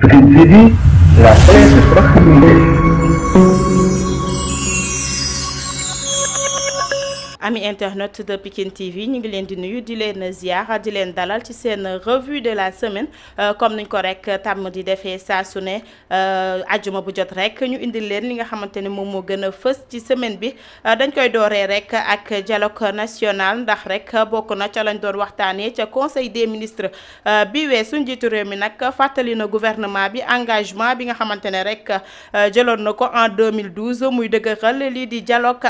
Tukijiji la pesa ami internet de Pikine TV ñu ngi leen di nuyu di leen ziar di leen dalal ci seen revue de la semaine euh, comme nañ ko rek tàmm di defee saa su ne euh, ajuma bu jot rek ñu indi leen li nga xamante ne moom moo gën a fës ci semaine bi euh, dañ koy dooree rek ak dialogue national ndax rek bokk na ca lañ doon waxtaanee ca conseil des ministres bi weesu njiitu réew mi nag fàttali na gouvernement bi engagement bi nga xamante ne rek jëloon na ko en 2012 muy dëgëral lii di dialogue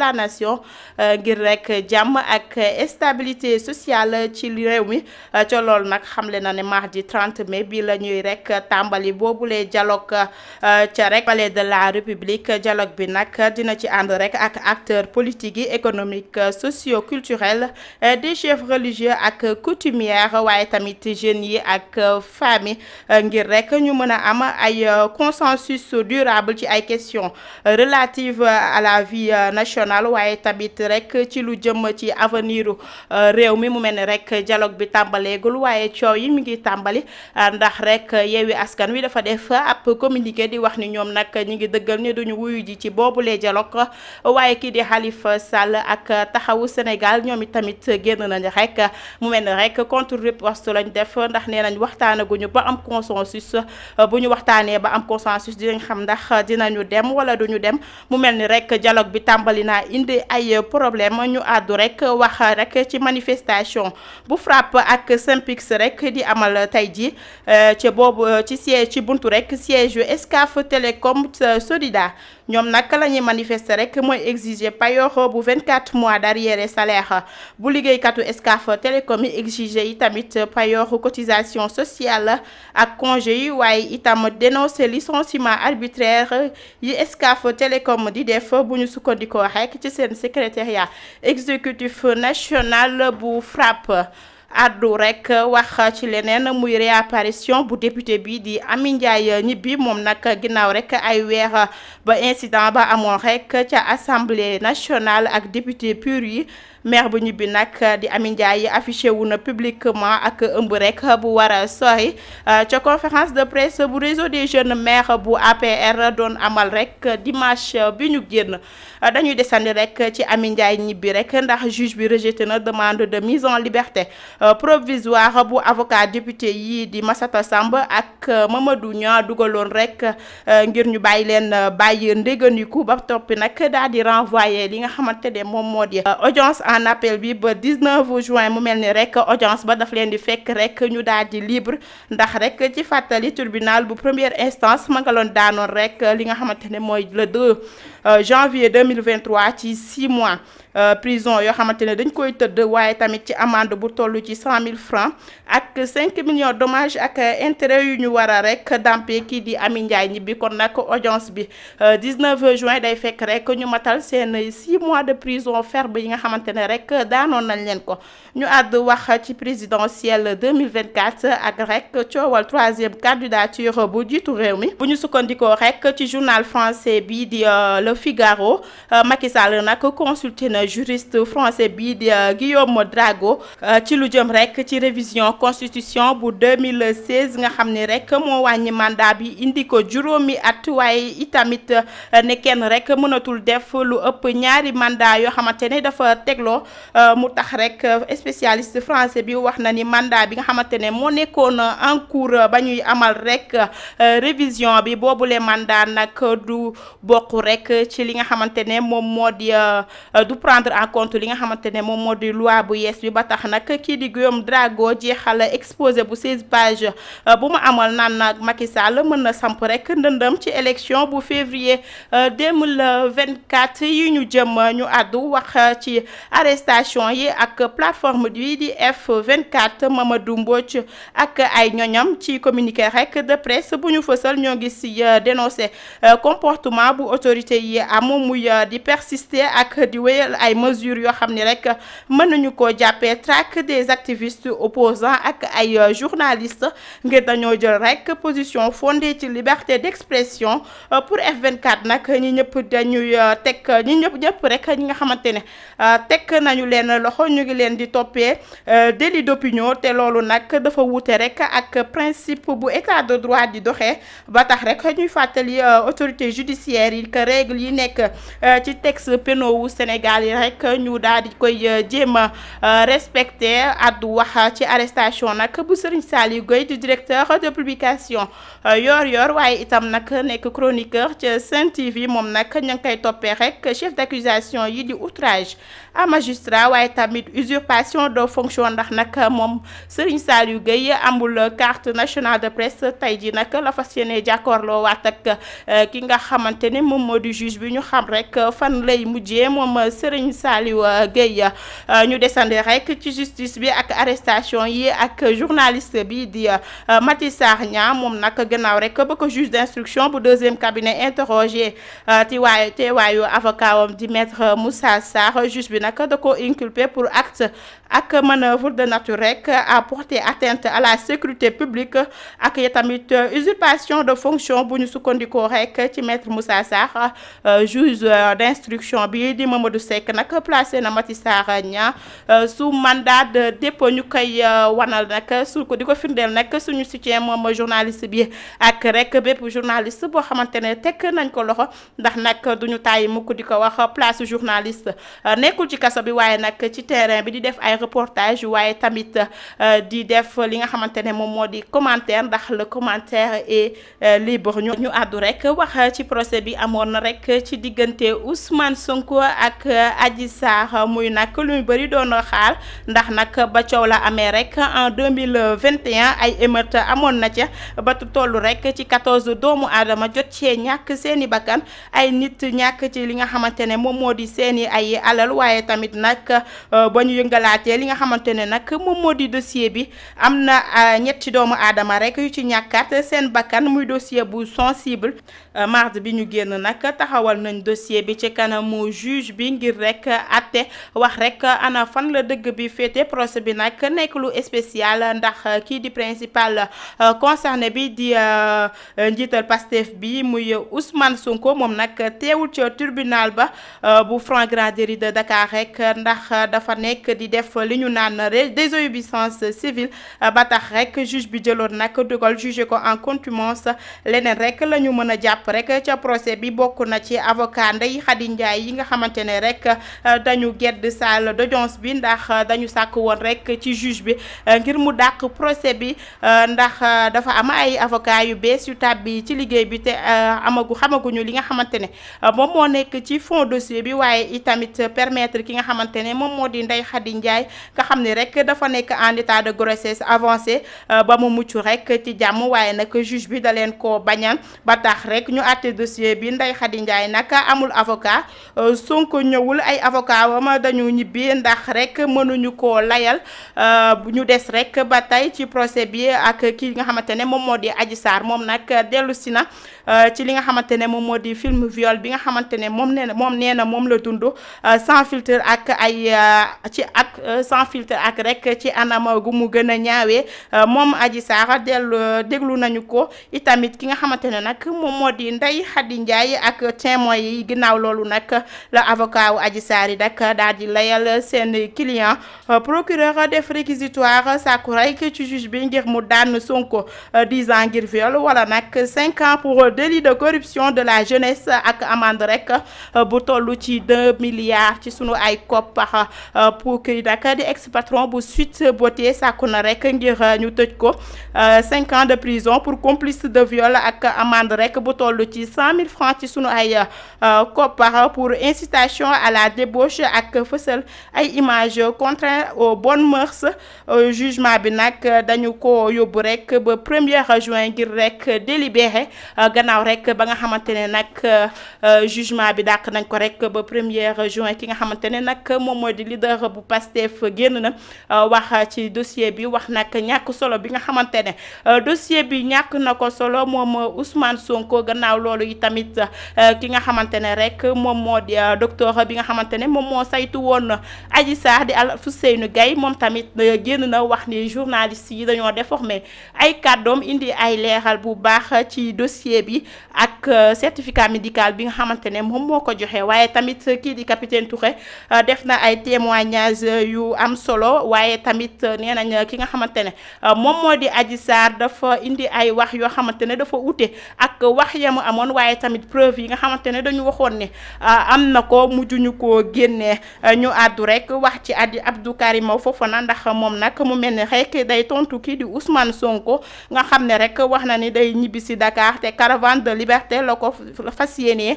la nation euh, ngir rek jàmm ak stabilité sociale ci réew mi euh, ca loolu nag xamle na ne mardi trente mais bi la ñuy rek tàmbali boobulee dialogue euh, ca rek palais de la république dialogue bi nag dina ci ànd rek ak acteur politiques yi économique socio culturel des chefs religieux ak coutumières waaye tamit jeunes yi ak famille ngir rek ñu mën a am ay consensus durable ci ay questions relatives à la vie nationale waaye tamit rek ci lu jëm ci avenir euh, réew mi mu mel ni rek jaloog bi tàmbaleegul waaye coow yi mi ngi tàmbali euh, ndax rek yeewi askan wi dafa def ab communiqué di wax ni ñoom nag ñi ngi dëggal ni duñu wuyu ji ci boobu boobulee dialogue waaye kii di Khalifa Sall ak taxawu Sénégal ñoom it tamit génn nañu rek mu mel ni rek contre riposte lañ def ndax nee nañ waxtaanaguñu ba am consensus bu ñu waxtaanee ba am consensus dinañ xam ndax dinañu dem wala duñu dem indi ay problème ñu àddu rek wax rek ci manifestation bu FRAPP ak SYNPICS rek di amal tey ji euh, ci boobu ci siège ci buntu rek siège Excaf Télécom euh, Sodida ñoom nag la ñuy manifester rek mooy exiger payoor bu quatre mois d'arriéré salaire bu liggéeykatu Excaf Télécom yi exiger yi tamit payoor cotisation sociale ak congé yi waaye itam dénoncer licenciement arbitraire yi Excaf Télécom di def bu ñu sukkandikoo rek ci seen secrétariat exécutif national bu FRAPP addu rek wax ci leneen muy réapparition bu député bi di Amy Ndiaye Gniby moom nag ginnaaw rek ay weer ba incident ba amoon rek ca assemblée nationale ak député pur yi maire bu ñibbi nag uh, di Amy Ndiaye affiché wu na publiquement ak ëmb rek bu war a sori uh, ca conférence de presse bu réseau des jeunes maires bu APR doon amal rek dimanche bi ñu génn uh, dañuy desandi rek ci Amy Ndiaye ñibbi rek ndax juge bi rejeté na demande de mise en liberté provisoire bu avocat député yi di Massata Samb ak Mamadou Niang dugaloon rek ngir ñu bàyyi leen bàyyi ndéganiku ba toppi nag daal di renvoyé li nga xamante de moom moo di audience en bi ba 19 juin mu mel ni rek audience ba daf leen di fekk rek ñu daal di libre ndax rek ci fàttali tribunal bu première instance ma nga daanoon rek li nga xamante ne mooy le 2. Euh, janvier 2023 ci 6 mois euh, prison yoo xamante ne dañ koy tëdd waaye tamit ci amende bu toll ci 100 000 francs ak 5 millions dommages ak intérêt yu ñu war a rek dampe kii di Ami Ndiaye ñibbi kon nag audience bi 19 euh, juin day fekk rek ñu matal seen six mois de prison ferme yi nga xamante ne rek daanoon nañ leen ko ñu àdd wax ci présidentielle 2024 ak rek coowal troisième candidature bu jiitu réew mi bu ñu sukkandikoo rek ci journal français bi di le Figaro euh, Macky Sall nag consulté na juriste français bi di euh, Guillaume Drago euh, ci lu jëm rek ci révision constitution bu 2016 nga xam ni rek moo wàññi mandat bi indi ko juróomi at waaye itamit ne kenn rek mënatul def lu ëpp ñaari mandat yoo xamante ne dafa tegloo mu tax rek spécialiste français bi wax na ni mandat bi nga xamante ne moo nekkoon en cours ba ñuy amal rek révision bi boobule mandat nag du bokk rek ci li nga xamante ne moom moo di euh, du prendre en compte li nga xamante ne moom moo di loi bu yees bi ba tax nag kii di Guillaume Drago jeexal exposé bu 16 page euh, bu mu amal naan nag Macky Sall mën na samp rek ndëndëm ci élection bu février 2024 euh, yi ñu jëm ñu àddu wax ci arrestation yi ak plateforme bi di F24 Mamadou mbooj ak ay ñoñam ci communiqué rek de presse bu ñu fësal ñoo ngi si dénoncé comportement bu autorité yi am muy euh, di persister ak di wéyal ay mesures yoo xam ni rek mën nañu koo jàppee traque des activistes opposants ak ay euh, journalistes ngir dañoo jël rek position fondée ci liberté d'expression euh, pour F24 nag ñi ñëpp dañuy teg ñi ñëpp ñëpp rek ñi nga xamante ne teg nañu leen loxo ñu ngi leen di toppee délit d'opinion te loolu nag dafa wuute rek ak principe bu état de droit di doxe ba tax rek ñuy fàttali autorité judiciaire yi que règle article yi nekk euh, ci texte pénal wu Sénégal yi rek ñu daal di koy euh, jéem a euh, respecté addu wax ci arrestation nag bu Serigne Saliou Gueye di directeur de publication yor yor waaye itam nag nekk chroniqueur ca Sen TV moom nag ña ngi koy toppee rek chef d'accusation yi di outrage à magistrat waaye tamit usurpation de fonction ndax nag moom Serigne Saliou Gueye amul carte nationale de presse tey ji nag la fas yéene jàkkaarloo waat ki nga xamante ne moom moo di juge juge bi ñu xam rek euh, fan lay mujjee moom euh, Serigne Saliou euh, Gueye ñu desandi rek ci justice bi ak arrestation yi ak journaliste bi di Mati Sarr Niang moom nag gannaaw rek ba ko juge d'instruction bu deuxième cabinet interrogé ci waaye teewaayu avocat wam di maître Moussa Sarr juge bi nag da ko inculpé pour acte ak manœuvre de nature rek à porter atteinte à la sécurité publique ak ya tamit usurpation de fonction bu ñu sukkandikoo rek ci maître Moussa Sarr juge d'instruction bi di Mamadou Seck nag placé na Mati Sarr ña su mandat de dépôt ñu koy euh, wanal nag su di ko firndeel nag suñu soutien moom journaliste bi ak rek bépp journaliste boo xamante ne tekk nañ ko loxo ndax nag duñu tàyyi mukk di ko wax place journaliste nekkul ci kaso bi waaye nag ci terrain reportage waaye tamit euh, di def li nga xamante ne moom moo di commentaire ndax le commentaire est euh, libre ñu àddu rek wax ci procès bi amoon na rek ci diggante Ousmane Sonko ak euh, aji saax muy nag lu ñu bëri doon xaar ndax nag ba coow la amee rek en 2021 ay émeute amoon na ca ba tollu rek ci 14 doomu aadama jot cee ñàkk seeni bakkan ay nit ñàkk ci li nga xamante ne moom moo di seeni ay alal waaye tamit nag ba ñu yëngalaate li nga xamante ne nag moom moo di dossier bi am na euh, ñetti doomu aadama rek yu ci ñàkkat seen bakkan muy dossier bu sensible euh, mardi bi ñu génn nag taxawal nañ dossier bi ci kanamu juge bi ngir rek àtte wax rek ana fan la dëgg bi féete procès bi nag nekk lu spécial ndax kii di principal euh, concerné bi di njiital Pastef bi muy Ousmane sunko moom nag teewul ca tribunal ba bu Front Grand Déri de Dakar ndax dafa nekk di def li ñu naan bi désobéissance civile euh, ba tax rek juge bi jëloon nag dogal jugé ko en contumace leneen rek la ñu mën a jàpp rek ca procès bi bokk na ci avocat Ndeye Khady Ndiaye yi nga xamante ne rek euh, dañu gedd salle d'audience bi ndax euh, dañu sàkk woon rek ci juge bi ngir mu dàq procès bi ndax dafa am ay avocat yu bees yu tàbbi ci liggéey bi te amagu xamaguñu li nga xamante ne moom moo nekk ci fond dossier bi waaye itamit permettre ki nga xamante ne moom moo di Ndeye Khady Ndiaye nga xam ni rek dafa nekk en état de grossesse avancé euh, ba mu mucc rek ci jàmm waaye nag juge bi da leen koo bañan ba tax rek ñu àtte dossier bi ndey Khady Ndiaye nag amul avocat euh, Sonko ñëwul ay avocat wama dañu ñibbi ndax rek mënuñu ko layal euh, ñu des rek ba tey ci procès bi ak ki nga xamante ne moom moo di Adji Sarr moom nag dellu si na ci li nga xamante ne moom moo di film viol bi nga xamante ne moom nee na moom nee na moom la dund sans filtre ak ay ci ak Euh, sans filtre ak rek ci anam gu mu gën a ñaawee euh, moom Adji Sarr dellu déglu nañu ko itamit ki nga xamante ne nag moom moo di Ndeye Khady Ndiaye ak témoins yi ginnaaw loolu nag la avocat wu Adji Sarr yi nag daal di layal seen client euh, procureur def réquisitoire sàkku rek ci juge bi ngir mu daan Sonko dix ans ngir viol wala nag cinq ans pour délit de corruption de la jeunesse ak amende rek bu toll ci deux milliards ci sunu ay koppar pour kii nag di ex patron bu Sweet Beauté sàkku na rek ngir euh, ñu tëj ko euh, cinq ans de prison pour complice de viol ak amende rek bu toll ci cent mille francs ci sunu ay euh, koppar pour incitation à la débauche ak fësal ay image contraires aux bonnes mœurs jugement bi nag dañu ko yóbbu rek ba premier juin ngir rek délibéré gannaaw rek ba nga xamante ne nag jugement bi dàq nañ ko rek ba premier juin ki nga xamante ne nag di leader bu Pastef Pastef génn na euh, wax ci dossier bi wax nag ñàkk solo bi nga xamante ne euh, dossier bi ñàkk na ko solo moom Ousmane Sonko gannaaw loolu yi tamit euh, ki nga xamante ne rek moom moo di doctor bi nga xamante ne moom moo saytu woon Adji Sarr di Alfousseynou Gaye moom tamit génn na wax ni journaliste yi dañoo déformé ay kàddoom indi ay leeral bu baax ci dossier bi ak certificat médical bi nga xamante ne moom moo ko joxe waaye tamit kii di capitaine Touré def na ay témoignages yu am solo waaye tamit euh, nee nañ ki nga xamante ne euh, moom moo di Adji Sarr dafa indi ay wax yoo xamante ne dafa wute ak wax ya mu amoon waaye tamit preuve yi nga xamante ne dañu waxoon ne euh, am na ko mujjuñu koo génnee ñu àddu rek wax ci Adji Abdou Karim Fofana ndax moom nag mu mel ni rek day tontu kii di Ousmane Sonko nga xam ne rek wax na ni day ñibbi si Dakar te caravane de liberté la ko fas yéenee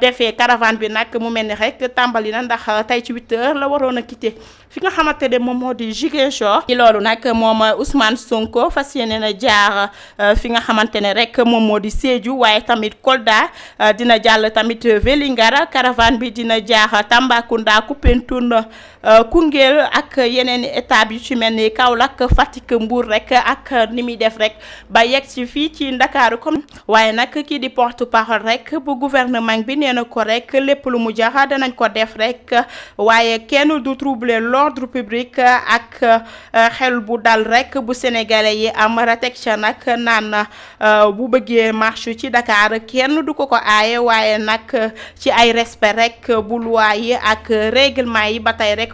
defee caravane bi nag mu mel ni rek tàmbali na ndax tey ci huit la waroon a quitté fi nga xamante ne moom moo di Ziguinchor ci loolu nag moom Ousmane Sonko fas yéene na jaar euh, fi nga xamante ne rek moom moo di Sédhiou waaye tamit Kolda euh, dina jàll tamit Vélingara caravane bi dina jaar Tambacounda Koupentoune Euh, Koungheul ak yeneen état yu ci mel ni Kaolack Fatick mbuur rek ak ni muy def rek ba yegg si fii ci Ndakaaru comme waaye nag kii di porte parole rek bu gouvernement bi nee na ko rek lépp lu mu jaxa danañ ko def rek waaye kenn du trouble l'ordre public ak euh, xel bu dal rek bu sénégalais yi am ratek ca nag naan euh, bu bëggee marche ci ndakaar kenn du ko ko aaye waaye nag ci ay respect rek bu loi yi ak règlement yi ba tey rek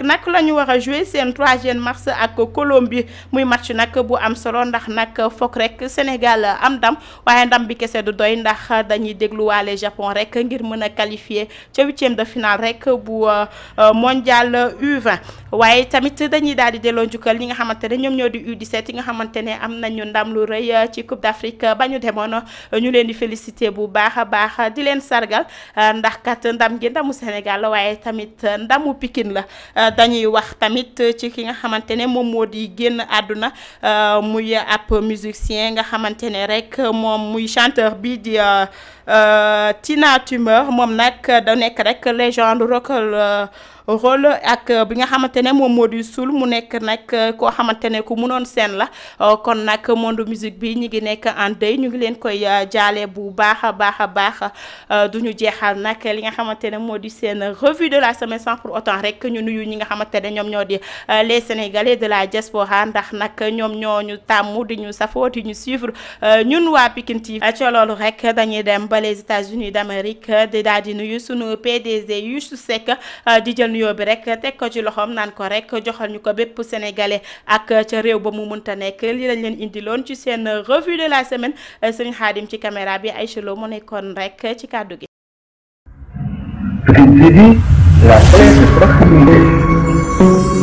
ëllëg nag la ñu war a jouer seen troisième match ak Colombie muy match nag bu am solo ndax nag foog rek Sénégal am ndam waaye ndam bi kese du doy ndax dañuy dégluwaale Japon rek ngir mën a qualifier ca huitième de finale rek bu euh, mondial U20 waaye tamit dañuy daal di delloo njukkal ñi nga xamante ne ñoom ñoo di u yi nga xamante ne am nañu ndam lu rëy ci Coupe d'Afrique ba ñu demoon ñu leen di féliciter bu baax a baax di leen sargal euh, ndax kat ndam gi ndamu Sénégal waaye tamit ndamu Pikine la dañuy wax tamit ci ki nga xamante ne moom moo di génn àdduna euh, muy ab musicien nga xamante ne rek moom muy chanteur bii di euh, euh, Tina Tumeur moom nag da nekk rek légende rock rôle ak bi nga xamante ne moom moo di suul mu nekk nag koo xamante ne ku munoon seen la kon nag monde musique bi ñu ngi nekk en deuil ñu ngi leen koy jaale bu baax a baax a baax du ñu jeexal nag li nga xamante ne moo di seen revue de la semaine sans pour autant rek ñu nuyu nga xamante ne ñoom ñoo di euh, les sénégalais de la diaspora ndax nag ñoom ñoo ñu tàmm di ñu safoo ñu suivre euh, ñun waa Pikine TV ci loolu rek dañuy dem ba les États-Unis d'Amérique euh, di daal di nuyu sunu PDG su Seck di jël nuyoo bi rek teg ko ci loxoom naan ko rek joxal ñu ko bépp sénégalais ak ca réew ba mu mënta nekk li lañ leen indiloon ci seen revue de la semaine sëñ Xaadim ci caméra bi ay Lo mu nekkoon rek ci kàddu gi. thank you